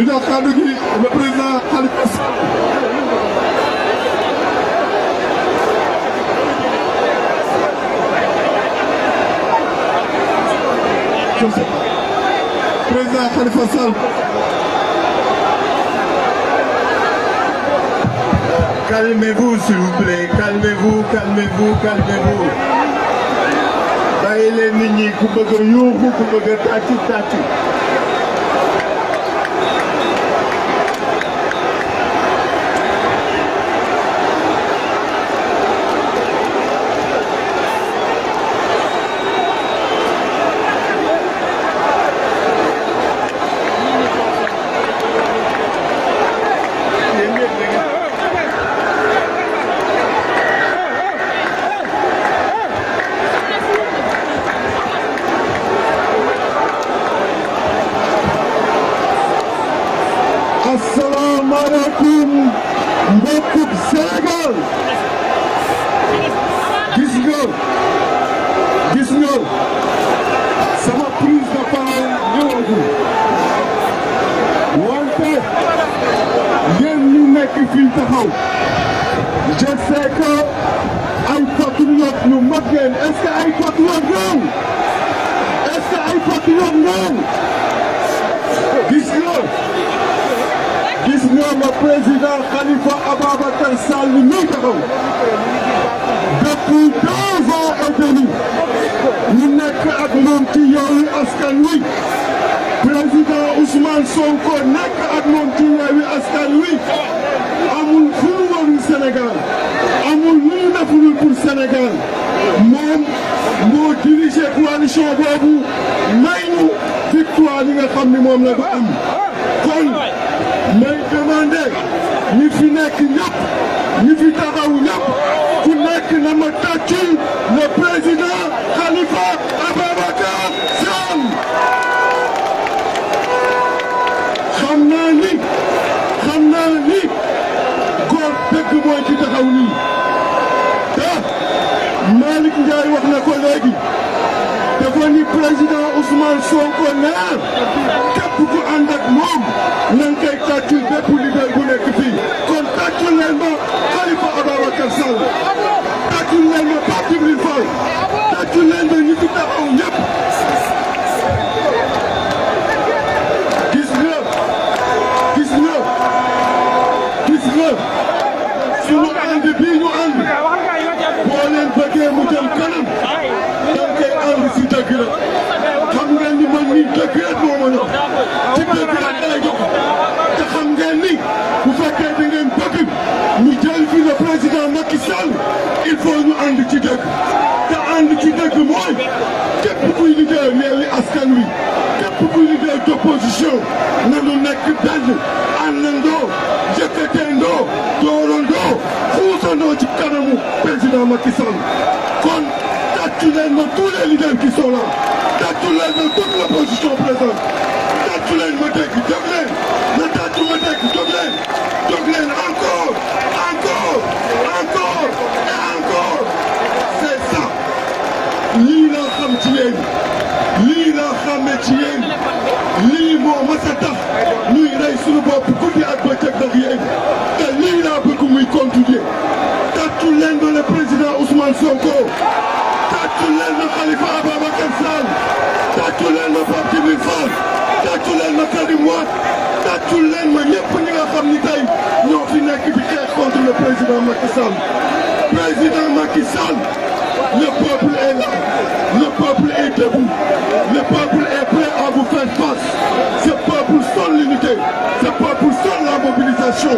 ñu jox kàddu gi le président Khalifa Sall président Khalifa Sall calmez-vous s'il vous plaît calmez-vous calmez-vous calmez-vous bàyyi leen nit ñi ku bëgg a yuuxu ku bëgg a tàccu tàccu salaamaaleykum mbokkub Sénégal gis nga gis nga sama prise de parole ñëwagul wante yéen ñu taxaw je sais ay patriote ñu mag ngeen est ay patriote ngeen est-ce que ay patriote ngeen gis ñoom président Khalifa Ababacar Sall ñuy taxaw depuis deux ans et demi ñu nekk ak moom ci Yewwi Wi président Ousmane Sonko nekk ak moom ci Yewwi Wi amul fu mu amul lu mu defulul pour Sénégal moom moo dirigé coalition may ñu victoire li nga xam ni moom la ba am. demandé ñi fi nekk ñëpp ñi fi taxaw ñëpp ku nekk na ma tàccul le président Khalifa Ababacar Sall xam naa ni xam naa ni góor dëgg mooy taxaw nii te Malick Ndiaye wax na ko ni président Ousmane Sonko ne képp ku ànd ak moom na nga koy tàccul bépp leader bu nekk fii kon tàccul leen ma Khalifa Ababacar Sall tàccul leen ma Pape Djibril Fall tàccul leen ma ñi fi taxaw ñëpp gis nga gis nga gis nga suñu ànd bii ñu ànd boo leen bëggee mu jël dëgg te ànd ci dëgg mooy képp kuy liggéey Yewwi Askan Wi képp kuy liggéey d'opposition nanu nekk benn àndandoo jëkkateendoo doorandoo fuusandoo ci kanamu président Macky Sall kon tàccu leen ma tous les leaders qui sont là tàccu leen ma xàmmee ci yéen lii moo mës a tax ñuy rey suñu bopp guddi ak bëccëg ndax yéen te lii laa bëgg muy continuer tàccu leen na le président Ousmane Sonko tàccu leen na Khalifa Ababacar Sall tàccu leen na Pape Djibril Fall tàccu leen na Karim Wade tàccu leen ma ñëpp ñi nga xam ni tey ñoo fi nekk di xeex contre le président Macky Sall président Macky Sall le peuple debout. Le peuple est prêt à vous faire face. Ce peuple sans l'unité. Ce peuple sans la mobilisation.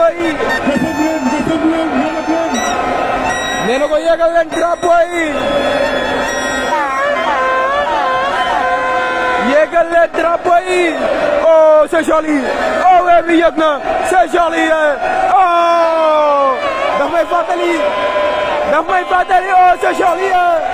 drapeau yi. na ko yéegal leen drapeau yi. yéegal leen drapeau yi. oh, oh na c'est joli. Eh. oh daf may fàttali. daf may fàttali oh c'est joli. Eh.